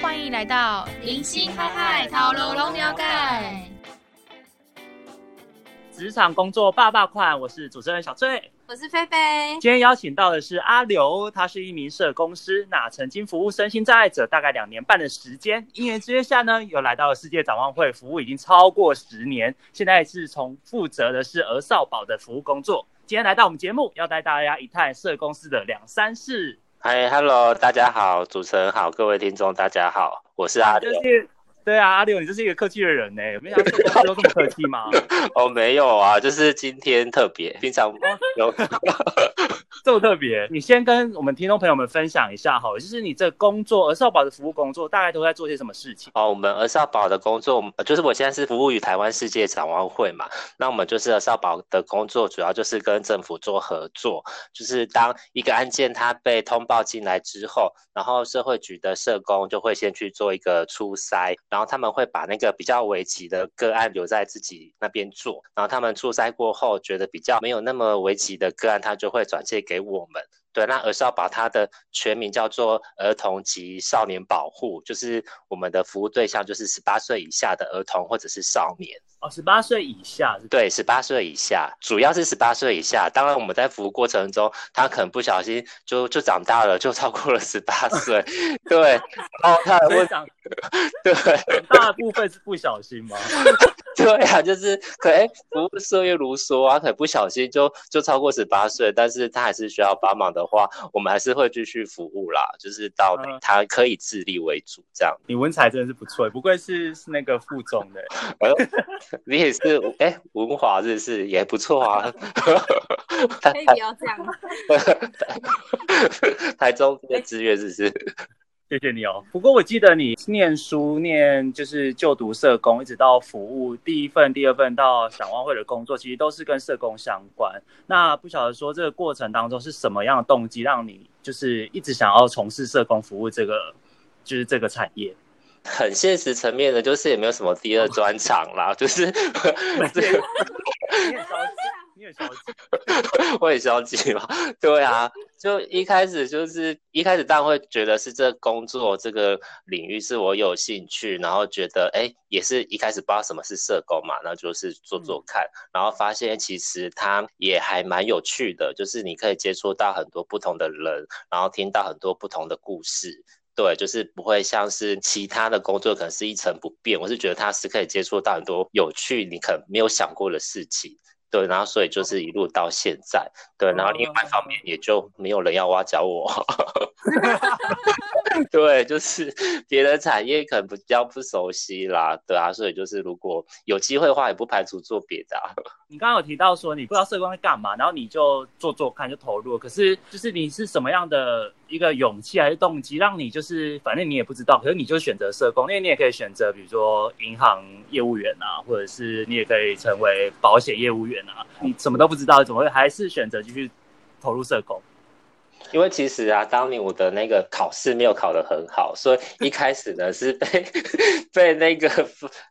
歡迎來到零星嗨嗨草龍龍聊齋，解職場工作爸爸款，我是主持人小翠，我是菲菲。今天邀請到的是阿劉，他是一名社工師，那曾經服務身心障礙者大概兩年半的時間，因緣際會下呢，又來到了世界展望會服務已經超過十年，現在是從負責的是兒少保的服務工作。今天來到我們節目，要帶大家一探社工師的兩三事。嗨，哈嘍，大家好，主持人好，各位聽眾大家好，我是阿柳。Hi, 對啊，阿柳，你這是一個客氣的人呢，沒想到說過 都這麼客氣嗎？哦，沒有啊，就是今天特別，平常有 這麼特別。你先跟我們聽眾朋友們分享一下哈，就是你這工作，兒少保的服務工作，大概都在做些什麼事情？哦，我們兒少保的工作，就是我現在是服務於台灣世界展望會嘛，那我們就是兒少保的工作，主要就是跟政府做合作，就是當一個案件它被通報進來之後，然後社會局的社工就會先去做一個初篩。然後他們會把那個比較危急的個案留在自己那邊做，然後他們出差過後覺得比較沒有那麼危急的個案，他就會轉介給我們。對，那而是要把它的全名叫做兒童及少年保護，就是我們的服務對象就是十八歲以下的兒童或者是少年。哦，十八歲以下，對，十八歲以下，以下主要是十八歲以下。當然，我們在服務過程中，他可能不小心就就長大了，就超過了十八歲。 對，哦， 他會長。 對，大部分是不小心嗎？ 對呀、啊，就是可能服務社業如梭啊，可不小心就就超過十八歲，但是他還是需要幫忙的話，我們還是會繼續服務啦，就是到哪、嗯、他可以自立為主這樣。你文采真的是不錯，不愧是是那個副總的、 呃，你也是哎，文華日是，不是也不錯啊。 台可以這樣，台中的資源是不是？欸 謝謝你哦。不過我記得你念書念就是就讀社工，一直到服務第一份，第二份到展望會的工作，其實都是跟社工相關。那不曉得說這個過程當中是什麼樣的動機，讓你就是一直想要從事社工服務這個就是這個產業？很現實層面的，就是也沒有什麼第二專長啦，哦，就是這個。 你很消極。 我也消極嘛，對啊。就一開始就是一開始當然會覺得是這工作這個領域是我有興趣，然後覺得哎、欸、也是一開始不知道什麼是社工嘛，那就是做做看，嗯、然後發現其實它也還蠻有趣的，就是你可以接觸到很多不同的人，然後聽到很多不同的故事，對，就是不會像是其他的工作可能是一成不變，我是覺得它是可以接觸到很多有趣你可能沒有想過的事情。對，然後所以就是一路到現在，對，然後另外一方面也就沒有人要挖角我。 對，就是別的產業可能比較不熟悉啦，對啊，所以就是如果有機會的話，也不排除做別的啊。你剛剛有提到說你不知道社工在幹嘛，然後你就做做看，就投入。可是就是你是什麼樣的一個勇氣還是動機，讓你就是反正你也不知道，可是你就選擇社工，因為你也可以選擇，比如說銀行業務員啊，或者是你也可以成為保險業務員啊。你什麼都不知道，怎麼會還是選擇繼續投入社工？因為其實啊，當年我的那個考試沒有考得很好，所以一開始呢是被 被那個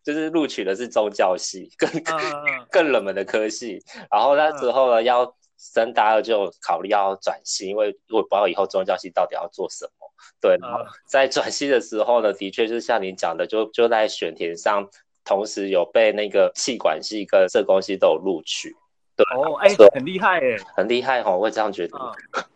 就是錄取的是宗教系，更、uh, 更冷門的科系。然後那時候呢，uh, 要升大二就考慮要轉系，因為我不知道以後宗教系到底要做什麼。對。Uh, 在轉系的時候呢，的確就是像你講的，就就在選填上，同時有被那個企管系跟社工系都有錄取。對哦，哎，很厲害耶、欸，很厲害哦，我會這樣覺得。Uh,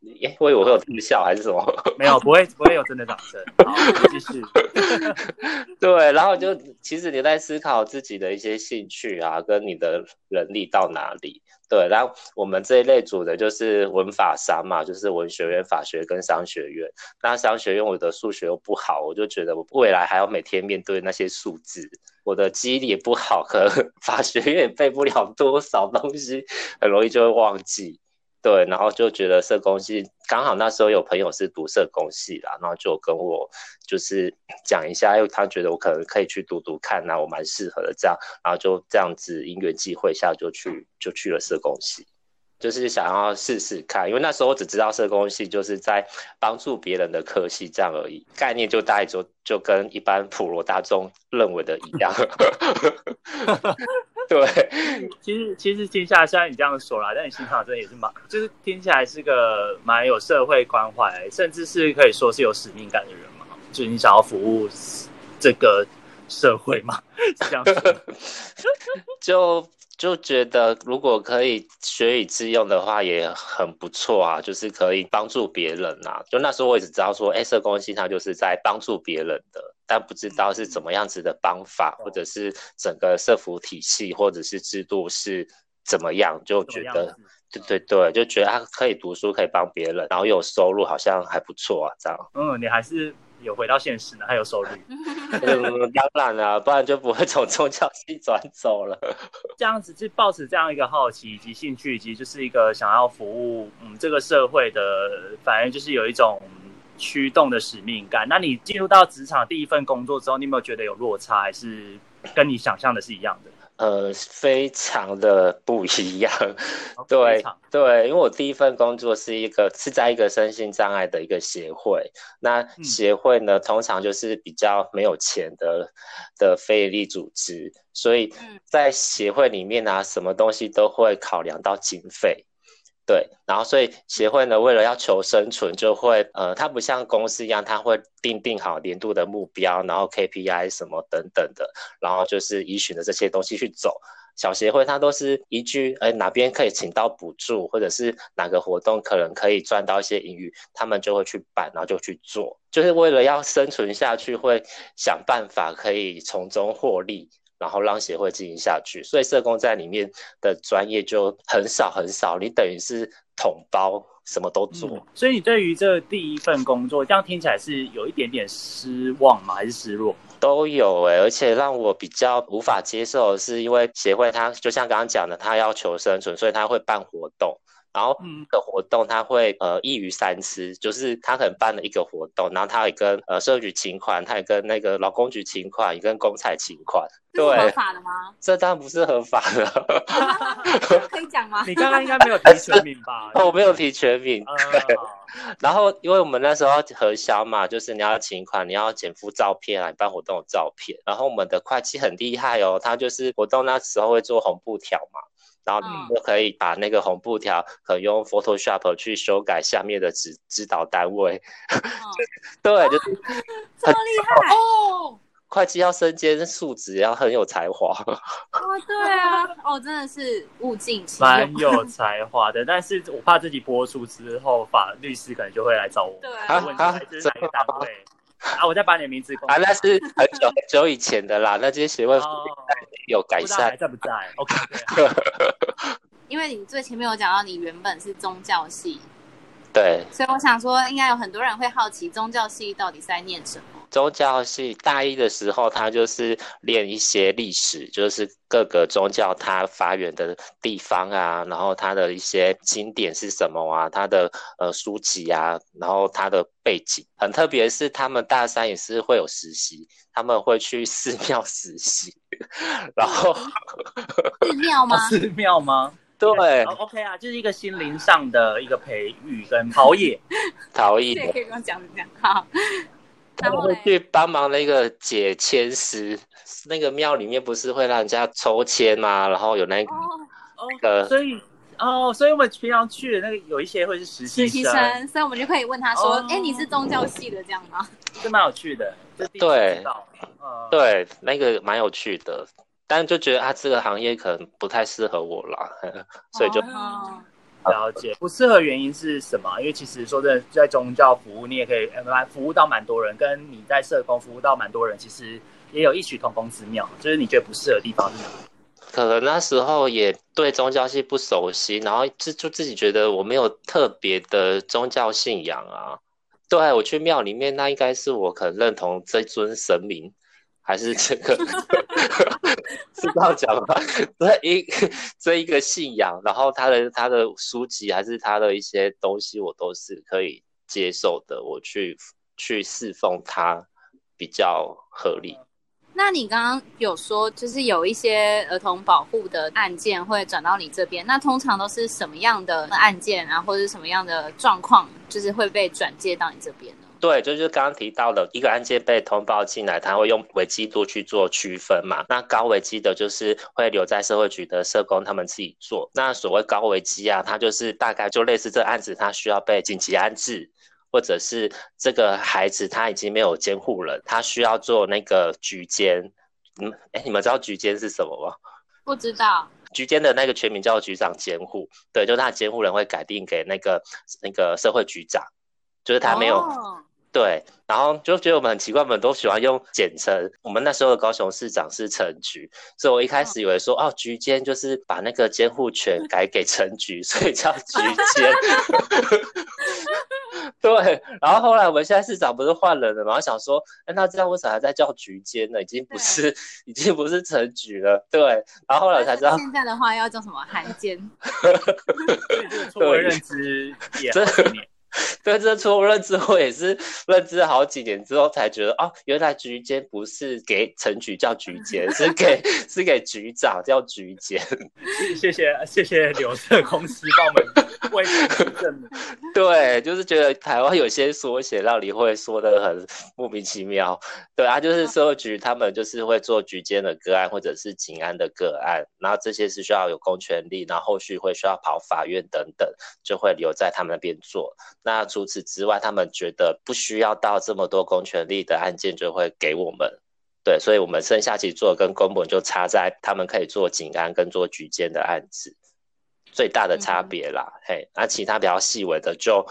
耶、欸，我以為會有真的笑還是什麼？沒有，不會，不會有真的掌聲。 好，繼續。 對，然後就其實你在思考自己的一些興趣啊，跟你的能力到哪裡？對，然後我們這一類組的就是文法商嘛，就是文學院、法學跟商學院。那商學院我的數學又不好，我就覺得我未來還要每天面對那些數字，我的記憶力也不好，可能法學院也背不了多少東西，很容易就會忘記。對，然後就覺得社工系，剛好那時候有朋友是讀社工系的，然後就跟我就是講一下，因為他覺得我可能可以去讀讀看啊，那我蠻適合的這樣，然後就這樣子因緣際會下就去就去了社工系，就是想要試試看，因為那時候我只知道社工系就是在幫助別人的科系這樣而已，概念就大概就就跟一般普羅大眾認為的一樣。 對其，其實其實聽起來雖然你這樣說啦，但你心腸真的也是蠻，就是聽起來是個蠻有社會關懷，甚至是可以說是有使命感的人嘛。就你想要服務這個社會嘛，這樣子。 就就覺得如果可以學以致用的話，也很不錯啊。就是可以幫助別人吶、啊。就那時候我也只知道說，哎、欸，社工師就是在幫助別人的。但不知道是怎麼樣子的方法，嗯、或者是整個社服體系，或者是制度是怎麼樣，就覺得對對對，就覺得他、啊、可以讀書，可以幫別人，然後有收入，好像還不錯啊，這樣。嗯，你還是有回到現實的，還有收入，當然了，不然就不會從宗教系轉走了。這樣子就抱持這樣一個好奇以及興趣，以及就是一個想要服務嗯這個社會的，反正就是有一種。驅動的使命感。那你進入到職場第一份工作之後，你有沒有覺得有落差，還是跟你想象的是一樣的？呃，非常的不一樣。哦、對常對，因為我第一份工作是一個是在一個身心障礙的一個協會。那協會呢，嗯、通常就是比較沒有錢的的非營利組織，所以在協會裡面呢、啊，什麼東西都會考量到經費。對，然後所以協會呢，為了要求生存，就會呃，它不像公司一樣，它會定定好年度的目標，然後 KPI 什麼等等的，然後就是依循着這些東西去走。小協會它都是依據，哎，哪邊可以請到補助，或者是哪個活動可能可以賺到一些盈餘，他們就會去辦，然後就去做，就是為了要生存下去，會想辦法可以從中獲利。然後讓協會進行下去，所以社工在裡面的專業就很少很少，你等於是統包什麼都做、嗯。所以你對於這第一份工作，這樣聽起來是有一點點失望嗎？還是失落？都有哎、欸，而且讓我比較無法接受的是，因為協會它就像剛剛講的，它要求生存，所以它會辦活動。然後，嗯的活動他會呃一魚三吃。就是他可能辦了一個活動，然後他也跟呃社會局請款，他也跟那個勞工局請款，也跟公彩請款。對，合法的嗎？這當然不是合法的。 可以講嗎？ 你剛剛應該沒有提全名吧？ 哦、我沒有提全名。 然後，因為我們那時候核銷嘛，就是你要請款，你要剪副照片、啊、你辦活動的照片。然後我們的會計很厲害哦，他就是活動那時候會做紅布條嘛。然後你就可以把那個紅布條和用 Photoshop 去修改下面的指指導單位，對、嗯，就，哦、是、啊、這麼厲害哦！會計要身兼數職，要很有才華哦。對啊，哦，真的是物盡其用，蠻有才華的。但是我怕自己播出之後，法律師可能就會來找我，他這、啊啊、哪個單位。啊啊啊！我再把你的名字。啊，那是很久很久以前的啦， 那這些學問是不是有改善，哦、還在不在？OK。因為你最前面有講到，你原本是宗教系，對，所以我想說，應該有很多人會好奇宗教系到底是在念什麼？宗教系大一的時候，他就是練一些歷史，就是各個宗教它發源的地方啊，然後它的一些經典是什麼啊，它的呃書籍啊，然後它的背景。很特別是，他們大三也是會有實習，他們會去寺廟實習，然後 寺廟嗎？ 寺廟嗎？對，對。哦，OK 啊，就是一個心靈上的一個培育跟陶冶，陶冶 年。你也可以跟我講一講，好，好。然後去幫忙那個解籤師，那個廟裡面不是會讓人家抽籤嗎？啊？然後有那個，所以，哦，所以我們平常去的那個有一些會是實習生、實習生，所以我們就可以問他說，哎、哦，你是宗教系的這樣嗎？是蠻有趣的，對，嗯、對，那個蠻有趣的，但就覺得他、啊、這個行業可能不太適合我啦， 所以就。哦哦了解。不適合原因是什麼？因為其實說真的，在宗教服務你也可以來服務到蠻多人，跟你在社工服務到蠻多人，其實也有異曲同工之妙。就是你覺得不適合的地方是哪裡？可能那時候也對宗教系不熟悉，然後就就自己覺得我沒有特別的宗教信仰啊。對，我去廟裡面，那應該是我很認同這尊神明。還是這個是這樣講嗎？ 這一這一個信仰，然後他的他的書籍，還是他的一些東西，我都是可以接受的。我去去侍奉他比較合理。那你剛剛有說，就是有一些兒童保護的案件會轉到你這邊，那通常都是什麼樣的案件啊，或者什麼樣的狀況，就是會被轉介到你這邊呢？對，就是剛剛提到了一個案件被通報進來，他會用危機度去做區分嘛？那高危機的，就是會留在社會局的社工他們自己做。那所謂高危機啊，他就是大概就類似這案子，他需要被緊急安置，或者是這個孩子他已經沒有監護人，他需要做那個局監。嗯，哎，你們知道局監是什麼嗎？不知道。局監的那個全名叫局長監護，對，就是他的監護人會改定給那個那個社會局長，就是他沒有。哦對，然後就覺得我們很奇怪，我們都喜歡用簡稱。我們那時候的高雄市長是陳菊，所以我一開始以為說，哦，哦，菊監就是把那個監護權改給陳菊， 所以叫菊監 對，然後後來我們現在市長不是換人了嗎？我想說，那這樣為什麼還在叫菊監呢？已經不是，啊、已經不是陳菊了。對，然後後來才知道，現在的話要叫什麼韓監？對，錯誤認知也對 對，這初入認知我也是認知了好幾年之後才覺得哦，原來局間不是給陳局叫局間， 是給是給局長叫局間。謝謝謝謝柳社公司幫我們辦證的。對，就是覺得台灣有些縮寫讓你會說得很莫名其妙。對啊，就是社會局他們就是會做局間的個案或者是警安的個案，然後這些是需要有公權力，然後後續會需要跑法院等等，就會留在他們那邊做。那除此之外，他們覺得不需要到這麼多公權力的案件就會給我們，對，所以，我們剩下其實做跟公本就差在他們可以做警安跟做舉薦的案子，最大的差別啦，嗯、嘿，那其他比較細微的就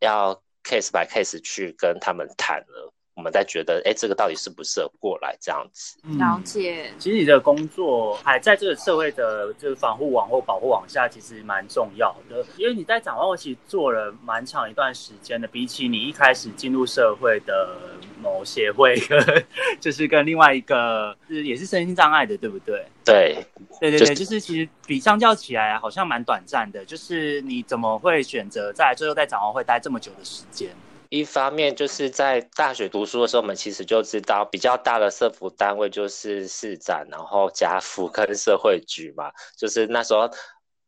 要 case by case 去跟他們談了。我們在覺得，哎、欸，這個到底是不適合過來這樣子。了解、嗯，其實你的工作還在這個社會的就是防護網或保護網下，其實蠻重要的。因為你在展望會其實做了蠻長一段時間的，比起你一開始進入社會的某協會，就是跟另外一個、就是也是身心障礙的，對不對？對，對對對，就，就是其實比相較起來好像蠻短暫的。就是你怎麼會選擇在最後在展望會待這麼久的時間？一方面就是在大學讀書的時候，我們其實就知道比較大的社福單位就是世展，然後家扶跟社會局嘛。就是那時候，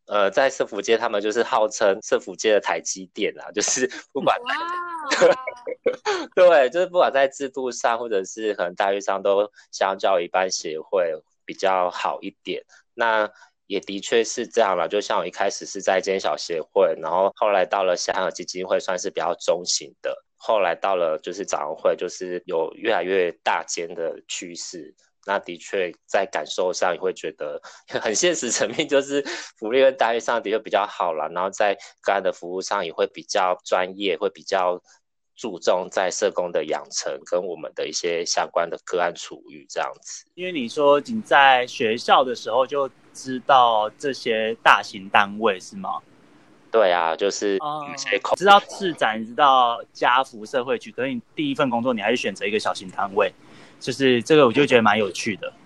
呃，在社福界他們就是號稱社福界的台積電啊，就是不管，Wow. 對，就是不管在制度上或者是可能待遇上都相較一般協會比較好一點。那也的確是這樣啦，就像我一開始是在一間小協會，然後後來到了香港基金會，算是比較中型的，後來到了就是展望會，就是有越來越大間的趨勢。那的確在感受上也會覺得，很現實層面就是福利跟待遇上的確比較好了，然後在個案的服務上也會比較專業，會比較。注重在社工的養成跟我們的一些相關的個案處理這樣子。因為你說你在學校的時候就知道這些大型單位是嗎？對啊，就是你、嗯、知道世展，知道家福社會局，可是，你第一份工作你還是選擇一個小型單位，就是這個我就覺得蠻有趣的。嗯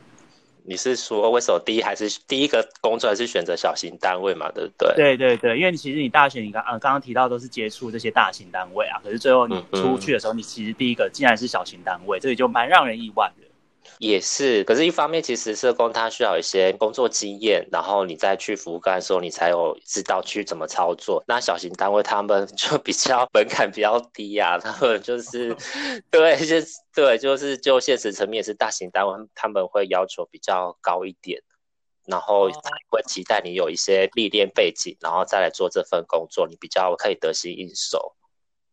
你是說，為什麼第一還是第一個工作還是選擇小型單位嘛，對不對？對對對，因為其實你大學你剛啊，剛剛提到都是接觸這些大型單位啊，可是，最後你出去的時候，嗯嗯，你其實第一個竟然是小型單位，所以就蠻讓人意外的。也是，可是一方面，其實社工他需要一些工作經驗，然後你再去服務干的時候，你才有知道去怎麼操作。那小型單位他們就比較門檻比較低呀、啊，他們就是，對，就是、對，就是就現實層面是，大型單位他們會要求比較高一點，然後會期待你有一些歷練背景，然後再來做這份工作，你比較可以得心應手。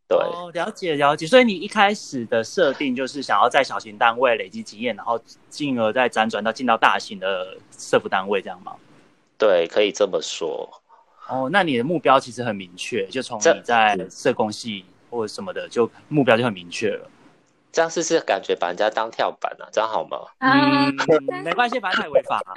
對、哦、了解了解，所以你一開始的設定就是想要在小型單位累積經驗，然後進而再輾轉到進到大型的社服單位，這樣嗎？對，可以這麼說。哦，那你的目標其實很明確，就從你在社工系或者什麼的，就目標就很明確了。這樣是是感覺把人家當跳板啊？這樣好嗎？嗯，uh, 沒關係，反正太違法、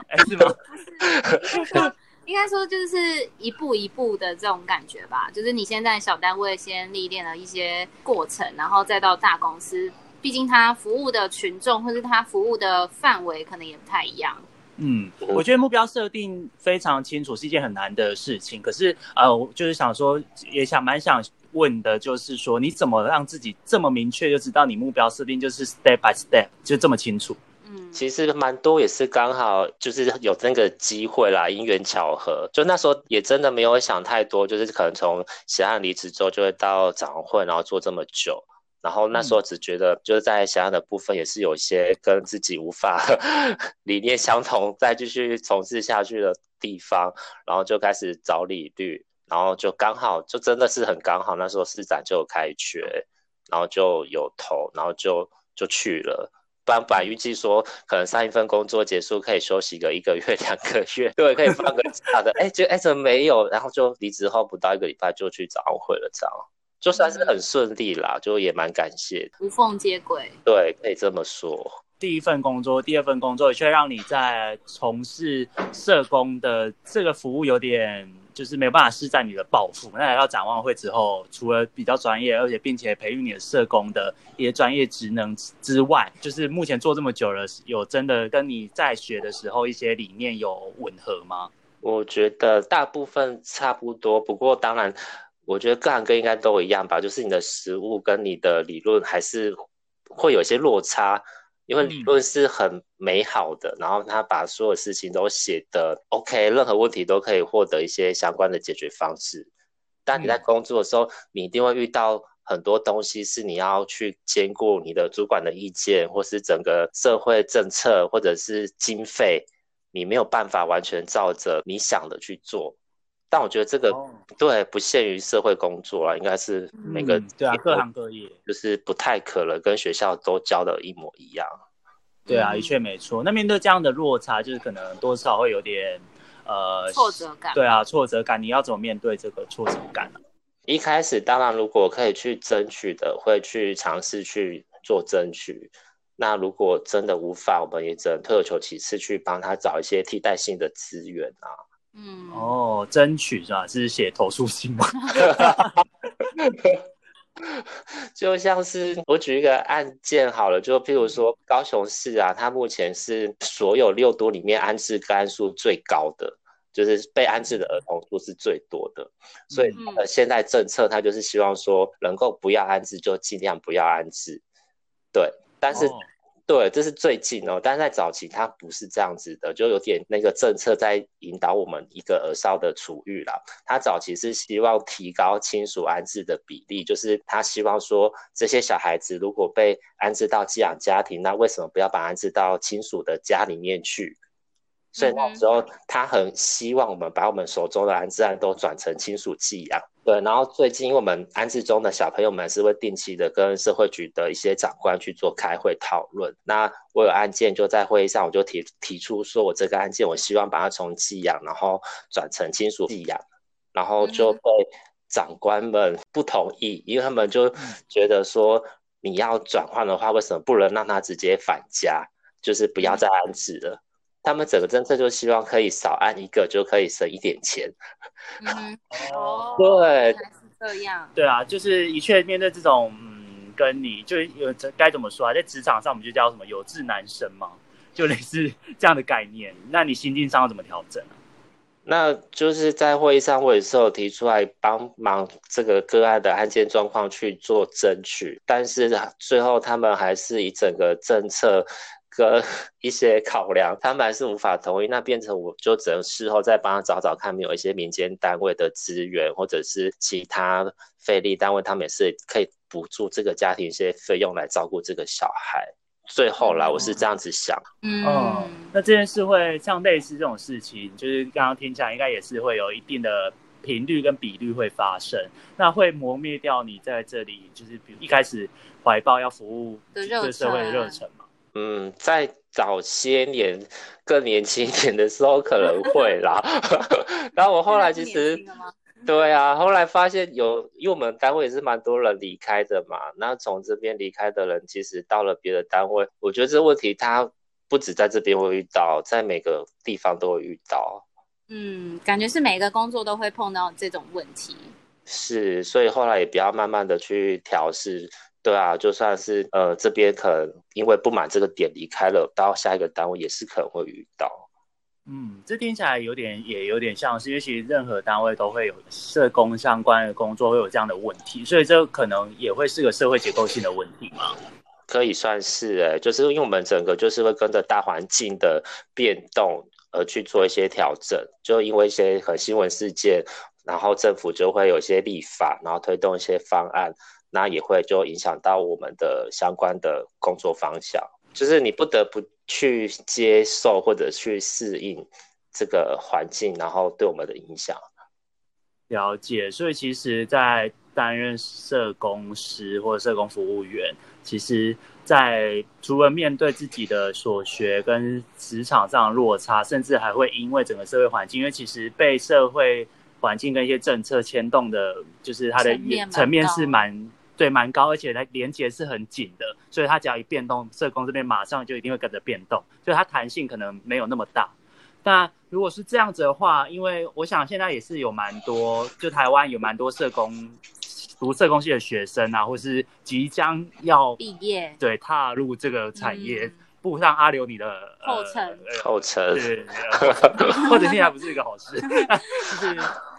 欸。是嗎？ 應該說就是一步一步的這種感覺吧，就是你先在小單位先歷練了一些過程，然後再到大公司，畢竟他服務的群眾或者他服務的範圍可能也不太一樣。嗯，我覺得目標設定非常清楚是一件很難的事情，可是呃，就是想說也想蠻想問的，就是說你怎麼讓自己這麼明確就知道你目標設定就是 step by step 就這麼清楚？嗯，其實蠻多也是剛好就是有那個機會啦，因緣巧合。就那時候也真的沒有想太多，就是可能從翔漢離職之後就會到展望會，然後做這麼久。然後那時候只覺得就是在翔漢的部分也是有一些跟自己無法 理念相同，再繼續從事下去的地方，然後就開始找履歷，然後就剛好就真的是很剛好，那時候市長就開缺，然後就有投，然後就就去了。本來，預計說可能上一份工作結束可以休息個一個月兩個月，對，可以放個假的。哎、 欸，就哎、欸、怎麼沒有？然後就離職後不到一個禮拜就去找回了，找就算是很順利啦，嗯、就也蠻感謝的無縫接軌，對，可以這麼說。第一份工作，第二份工作卻讓你在從事社工的這個服務有點。就是沒辦法施展你的抱負。那來到展望會之後，除了比較專業，而且並且培育你的社工的一些專業職能之外，就是目前做這麼久了，有真的跟你在學的時候一些理念有吻合嗎？我覺得大部分差不多。不過當然，我覺得各行各業應該都一樣吧。就是你的實務跟你的理論還是會有一些落差。因為理論是很美好的，mm hmm. 然後他把所有事情都寫得 OK，任何問題都可以獲得一些相關的解決方式。但你在工作的時候，mm hmm. 你一定會遇到很多東西是你要去兼顧你的主管的意見，或是整個社會政策，或者是經費，你沒有辦法完全照着你想的去做。但我覺得這個、oh. 對不限於社會工作啊，應該是每個、嗯、對啊，各行各業，就是不太可能跟學校都教的一模一樣。對啊，的、嗯、確沒錯。那面對這樣的落差，就是可能多少會有點呃挫折感。對啊，挫折感，你要怎麼面對這個挫折感呢、啊？一開始當然如果可以去爭取的，會去嘗試去做爭取。那如果真的無法，我們也只能退而求其次，去幫他找一些替代性的資源啊。嗯，哦，爭取是吧？是寫投訴信嗎？ 就像是我舉一個案件好了，就譬如說高雄市啊，它目前是所有六都裡面安置個案數最高的，就是被安置的兒童數是最多的，嗯、所以呃，現在政策它就是希望說能夠不要安置就儘量不要安置，對，但是、哦。對，這是最近哦，但在早期他不是這樣子的，就有點那個政策在引導我們一個兒少的處遇啦。他早期是希望提高親屬安置的比例，就是他希望說這些小孩子如果被安置到寄養家庭，那為什麼不要把安置到親屬的家裡面去？所以那時候，他很希望我們把我們手中的安置案都轉成親屬寄養。對，然後最近因為我們安置中的小朋友們是會定期的跟社會局的一些長官去做開會討論。那我有案件就在會議上，我就提提出說我這個案件，我希望把它從寄養然後轉成親屬寄養，然後就被長官們不同意，因為他們就覺得說你要轉換的話，為什麼不能讓他直接返家，就是不要再安置了？嗯嗯他們整個政策就希望可以少按一個就可以省一點錢，嗯， 對哦，對，這樣，對啊，就是一切面對這種，嗯、跟你就是該怎麼說啊，在職場上我們就叫什麼有志難伸嘛，就類似這樣的概念。那你心境上要怎麼調整？那就是在會議上我也是有提出來幫忙這個個案的案件狀況去做爭取，但是最後他們還是以整個政策。個一些考量，他們還是無法同意，那變成我就只能事後再幫他找找看，有沒有一些民間單位的資源，或者是其他非營利單位，他們也是可以補助這個家庭一些費用來照顧這個小孩。最後來，我是這樣子想，嗯，嗯、哦，那這件事會像類似這種事情，就是剛剛聽起來應該也是會有一定的頻率跟比率會發生，那會磨滅掉你在這裡，就是比如一開始懷抱要服務這社會的熱忱嘛。嗯，在早些年更年輕一點的時候可能會啦， 然後我後來其實對啊，後來發現有，因為我們單位也是蠻多人離開的嘛，那從這邊離開的人，其實到了別的單位，我覺得這個問題他不止在這邊會遇到，在每個地方都會遇到。嗯，感覺是每個工作都會碰到這種問題。是，所以後來也不要慢慢的去調適。對啊，就算是呃這邊可能因為不滿這個點離開了，到下一個單位也是可能會遇到。嗯，這聽起來有點，也有點像是，因為其實任何單位都會有社工相關的工作會有這樣的問題，所以這可能也會是個社會結構性的問題嗎？可以算是哎、欸，就是因為我們整個就是會跟着大環境的變動而去做一些調整，就因為一些很新聞事件，然後政府就會有一些立法，然後推動一些方案。那也會就影響到我們的相關的工作方向，就是你不得不去接受或者去適應這個環境，然後對我們的影響。了解，所以其實，在擔任社工師或者社工服務員，其實，在除了面對自己的所學跟職場上落差，甚至還會因為整個社會環境，因為其實被社會環境跟一些政策牽動的，就是它的層面，層面是蠻。對，蠻高，而且它連接是很緊的，所以它只要一變動，社工這邊馬上就一定會跟着變動，所以它彈性可能沒有那麼大。那如果是這樣子的話，因為我想現在也是有蠻多，就台灣有蠻多社工，讀社工系的學生啊，或是即將要畢業，對，踏入這個產業。嗯步上阿柳你的後塵，後塵，或者現在不是一個好事， 啊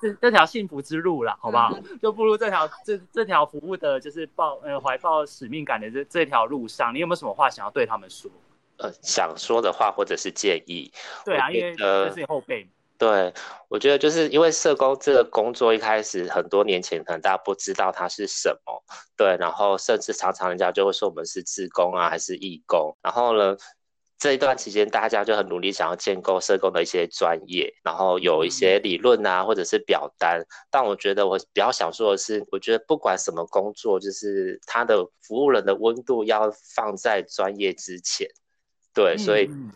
就是這條幸福之路了，好不好？就步入這條這這條服務的，就是抱呃懷抱使命感的這這條路上，你有沒有什麼話想要對他們說？呃，想說的話或者是建議，對啊，因為這是你後輩嘛。對，我覺得就是因為社工這個工作一開始很多年前可能大家不知道它是什麼，對，然後甚至常常人家就會說我們是志工啊還是義工，然後呢這一段期間大家就很努力想要建構社工的一些專業，然後有一些理論啊或者是表單，嗯、但我覺得我比較想說的是，我覺得不管什麼工作，就是它的服務人的溫度要放在專業之前，對，所以。嗯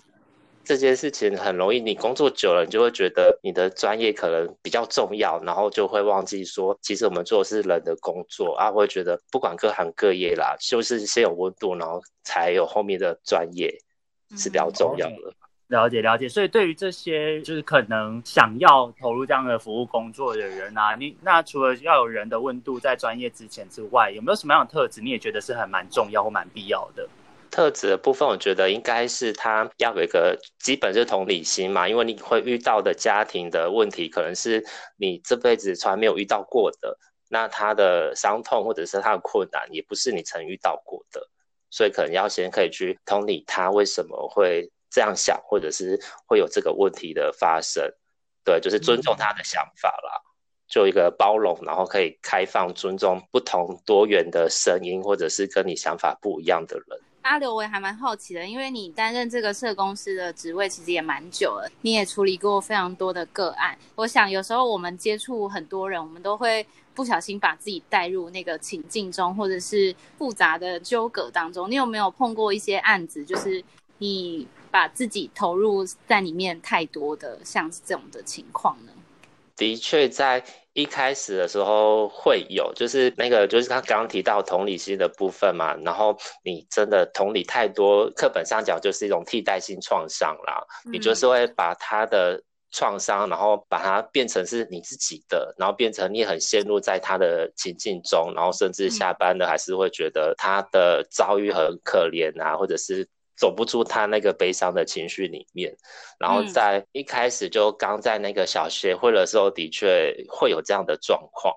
這件事情很容易，你工作久了，你就會覺得你的專業可能比較重要，然後就會忘記說，其實我們做的是人的工作啊。會覺得不管各行各業啦，就是先有溫度，然後才有後面的專業是比較重要的。嗯，了解、了解、了解，所以對於這些就是可能想要投入這樣的服務工作的人啊，你那除了要有人的溫度在專業之前之外，有沒有什麼樣的特質你也覺得是很蠻重要或蠻必要的？特質的部分，我覺得應該是他要有一個基本是同理心嘛，因為你會遇到的家庭的問題，可能是你這輩子從來沒有遇到過的，那他的傷痛或者是他的困難，也不是你曾遇到過的，所以可能要先可以去同理他為什麼會這樣想，或者是會有這個問題的發生，對，就是尊重他的想法啦，做、嗯、一個包容，然後可以開放尊重不同多元的聲音，或者是跟你想法不一樣的人。阿柳，我也還蠻好奇的，因為你擔任這個社工師的職位其實也蠻久了，你也處理過非常多的個案。我想有時候我們接觸很多人，我們都會不小心把自己帶入那個情境中，或者是複雜的糾葛當中。你有沒有碰過一些案子，就是你把自己投入在裡面太多的，像這種的情況呢？的確，在。一開始的時候會有，就是那個，就是剛剛提到同理心的部分嘛。然後你真的同理太多，課本上講就是一種替代性創傷啦。你就是會把他的創傷，然後把它變成是你自己的，然後變成你很陷入在他的情境中，然後甚至下班了還是會覺得他的遭遇很可憐啊，或者是。走不出他那個悲傷的情緒裡面，然後在一開始就剛在那個小學會的時候，的確會有這樣的狀況。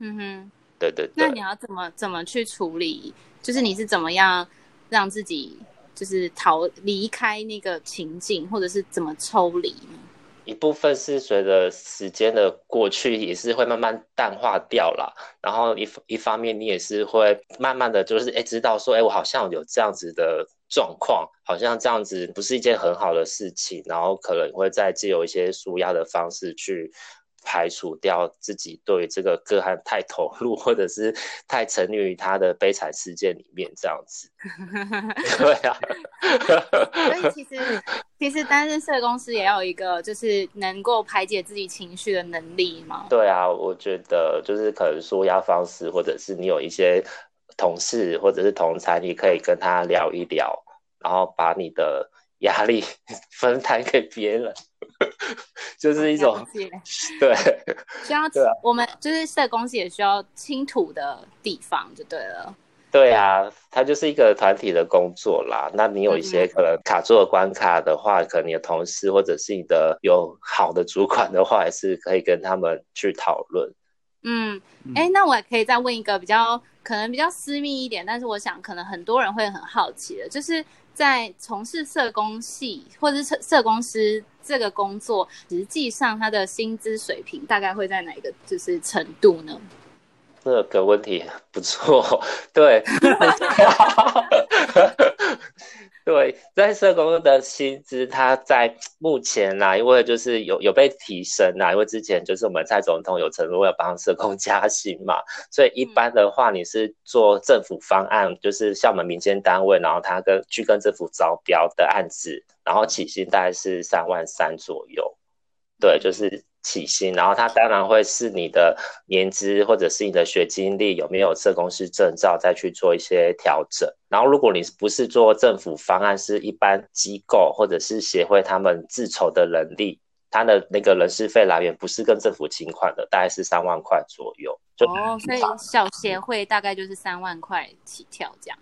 嗯哼，對，對對。那你要怎麼怎麼去處理？就是你是怎麼樣讓自己就是逃離開那個情境，或者是怎麼抽離？一部分是隨着時間的過去，也是會慢慢淡化掉了。然後一一方面，你也是會慢慢的就是哎，知道說哎，我好像有這樣子的。狀況，好像這樣子不是一件很好的事情，然後可能會再藉由一些舒壓的方式去排除掉自己對這個個案太投入，或者是太沉溺於他的悲慘事件裡面這樣子。 對啊， 所以其實其實單身社工師也要有一個就是能夠排解自己情緒的能力嘛。對啊，我覺得就是可能舒壓方式，或者是你有一些。同事或者是同儕，你可以跟他聊一聊，然後把你的壓力 分攤給別人， 就是一種對。樣子要、 啊、我們就是社工也需要傾吐的地方就對了。對啊，對它就是一個團體的工作啦。那你有一些可能卡住了關卡的話，嗯、可能你的同事或者是你的有好的主管的話，也是可以跟他們去討論。嗯，哎，那我也可以再問一個比較，可能比較私密一點，但是我想可能很多人會很好奇的，就是在從事社工系或者是社社工師這個工作，實際上他的薪資水平大概會在哪個，就是程度呢？這個問題不錯，對。 對，在社工的薪資，它在目前吶、啊，因為就是有有被提升啦、啊。因為之前就是我們蔡總統有承諾要幫社工加薪嘛，所以一般的話，你是做政府方案，嗯、就是像我們民間單位，然後他跟去跟政府招標的案子，然後起薪大概是三萬三左右，對，就是。起薪，然後他當然會是你的年資或者是你的學經歷，有沒有社工師證照，再去做一些調整。然後如果你不是做政府方案，是一般機構或者是協會，他們自籌的能力，他的那個人事費來源不是跟政府請款的，大概是三萬塊左右。哦，所以小協會大概就是三萬塊起跳這樣。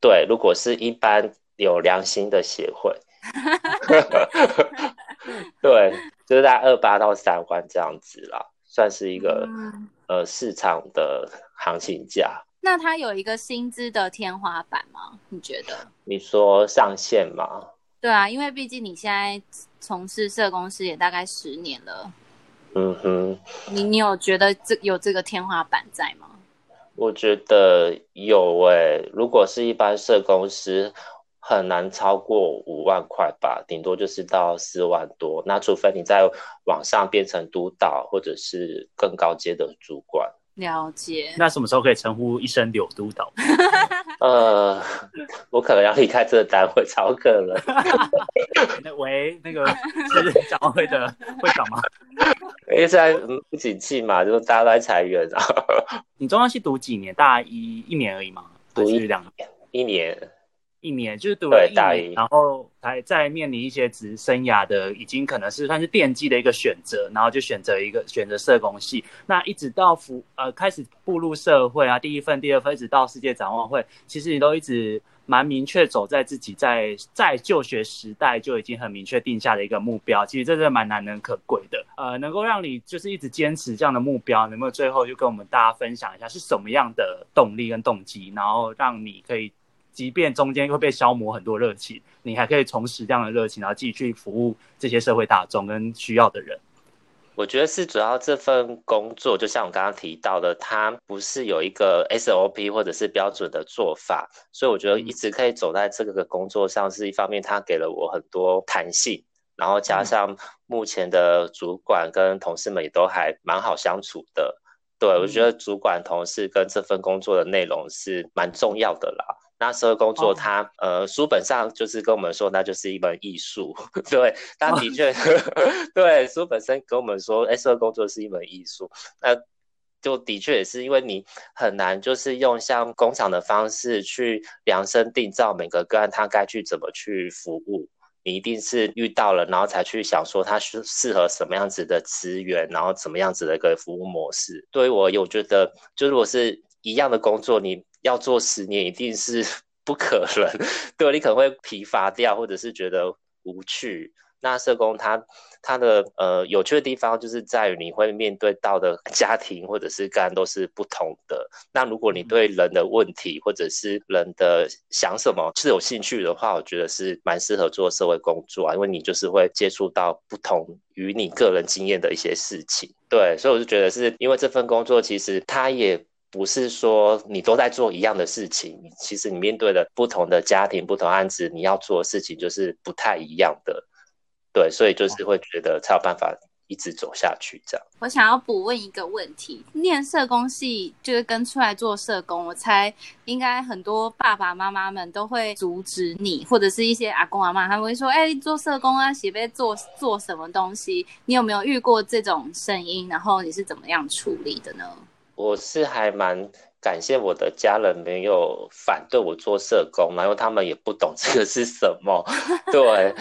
對，如果是一般有良心的協會。 對，就是在二八到三萬，這樣子啦，算是一個、嗯、呃，市場的行情價。那它有一個薪資的天花板嗎？你覺得？你說上限嗎？對啊，因為畢竟你現在從事社工師也大概十年了。嗯哼，你你有覺得這有這個天花板在嗎？我覺得有哎、欸，如果是一般社工師。很難超過五萬塊吧，頂多就是到四萬多。那除非你再往上變成督導，或者是更高階的主管。了解。那什麼時候可以稱呼一聲柳督導？ 呃，我可能要離開這個單位，超可能。那喂，那個是展會的會長嗎？ 因為現在不景氣嘛，就是大家都在裁員。 你中央系讀幾年？大一一年而已嗎？讀一兩年。一年。一年就是讀了一年，然後才在面臨一些職業生涯的，已經可能是算是奠基的一個選擇，然後就選擇一個選擇社工系。那一直到服呃開始步入社會啊，第一份、第二份，一直到世界展望會，其實你都一直蠻明確走在自己在在就學時代就已經很明確定下的一個目標。其實這是蠻難能可貴的，呃，能夠讓你就是一直堅持這樣的目標。能不能最後就跟我們大家分享一下是什麼樣的動力跟動機，然後讓你可以。即便中間會被消磨很多熱情，你還可以重拾這樣的熱情，然後繼續服務這些社會大眾跟需要的人。我覺得是主要這份工作，就像我剛剛提到的，它不是有一個 SOP 或者是標準的做法，所以我覺得一直可以走在這個工作上是一方面，它給了我很多彈性。然後加上目前的主管跟同事們也都還蠻好相處的，對，我覺得主管、同事跟這份工作的內容是蠻重要的啦。那社會工作，它、oh. 呃書本上就是跟我們說，那就是一門藝術，對。但的確，oh. 對書本身跟我們說，哎、欸，社會工作是一門藝術。那就的確也是因為你很難，就是用像工廠的方式去量身定造每個個案它該去怎麼去服務。你一定是遇到了，然後才去想說它是適合什麼樣子的資源，然後怎麼樣子的一個服務模式。對我有覺得，就如果是。一樣的工作你要做十年一定是不可能，對，你可能會疲乏掉，或者是覺得無趣。那社工他他的呃有趣的地方就是在於你會面對到的家庭或者是個案，都是不同的。那如果你對人的問題或者是人的想什麼是有興趣的話，我覺得是蠻適合做社會工作啊，因為你就是會接觸到不同於你個人經驗的一些事情。對，所以我就覺得是因為這份工作其實它也。不是說你都在做一樣的事情，其實你面對的不同的家庭、不同案子，你要做的事情就是不太一樣的，對，所以就是會覺得才有辦法一直走下去這樣。我想要補問一個問題：念社工系就是跟出來做社工，我猜應該很多爸爸媽媽們都會阻止你，或者是一些阿公阿媽，他們會說：“哎、欸，做社工啊，準備做做什麼東西？”你有沒有遇過這種聲音？然後你是怎麼樣處理的呢？我是還蠻感謝我的家人沒有反對我做社工，然後他們也不懂這個是什麼。 對，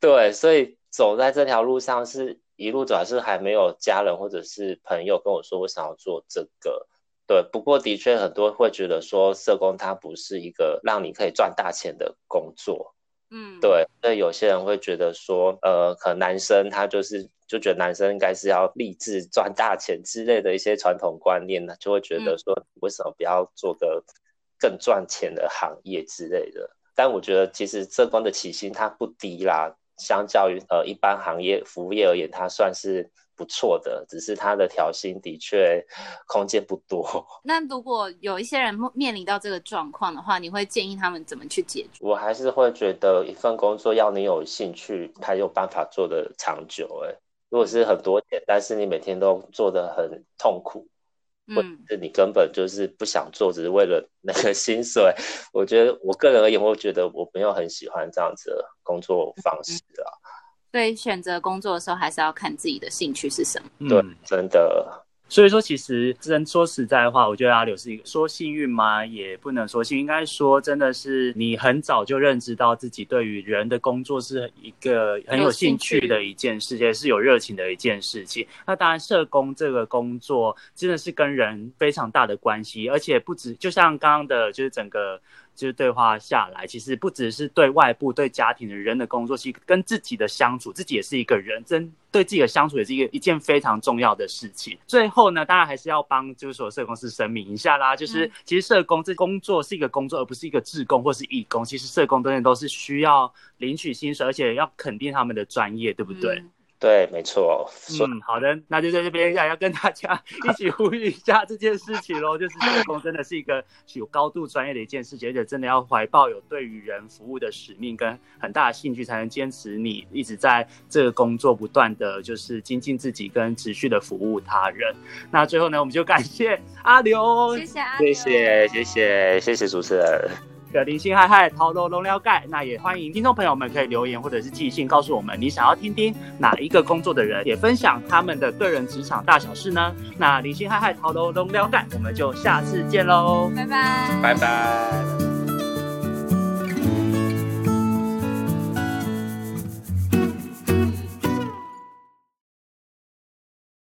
對，所以走在這條路上是一路走來是還沒有家人或者是朋友跟我說我想要做這個。對，不過的確很多會覺得說社工它不是一個讓你可以賺大錢的工作。嗯，對，那有些人會覺得說，呃，可能男生他就是就覺得男生應該是要立志賺大錢之類的一些傳統觀念呢，就會覺得說，嗯、為什麼不要做個更賺錢的行業之類的？但我覺得其實社工的起薪它不低啦，相較於呃一般行業服務業而言，它算是。不錯的，只是他的調薪的確空間不多。那如果有一些人面臨到這個狀況的話，你會建議他們怎麼去解決？我還是會覺得一份工作要你有興趣，才有辦法做得長久、欸。哎，如果是很多錢，但是你每天都做得很痛苦，嗯、或者是你根本就是不想做，只是為了那個薪水，我覺得我個人而言，我覺得我沒有很喜歡這樣子的工作方式啊。 所以選擇工作的時候還是要看自己的興趣是什麼。嗯、對，真的。所以說，其實真說實在話，我覺得阿柳是一個說幸運嗎？也不能說幸運，應該說真的是你很早就認知到自己對於人的工作是一個很有興趣的一件事情，也是有熱情的一件事情。那當然，社工這個工作真的是跟人非常大的關係，而且不止，就像剛剛的，就是整個。就是對話下來，其實不只是對外部、對家庭的人的工作，其實跟自己的相處，自己也是一個人，真對自己的相處也是一個一件非常重要的事情。最後呢，當然還是要幫就是說社工師聲明一下啦，就是其實社工這工作是一個工作，而不是一個志工或是義工。其實社工當然都是需要領取薪水，而且要肯定他們的專業，對不對？嗯對，沒錯。嗯，好的，那就在這邊想要跟大家一起呼籲一下這件事情嘍。 就是社工真的是一個有高度專業的一件事情，而且真的要懷抱有對於人服務的使命跟很大的興趣，才能堅持你一直在這個工作不斷的就是精進自己跟持續的服務他人。那最後呢，我們就感謝阿柳，謝謝阿柳，謝謝，謝謝，謝謝主持人。有林心害害桃樓龍撩蓋，那也歡迎聽眾朋友們可以留言或者是寄信告訴我們，你想要聽聽哪一個工作的人，也分享他們的個人職場大小事呢？那林心害害桃樓龍撩蓋，我們就下次見嘍，拜拜，拜拜。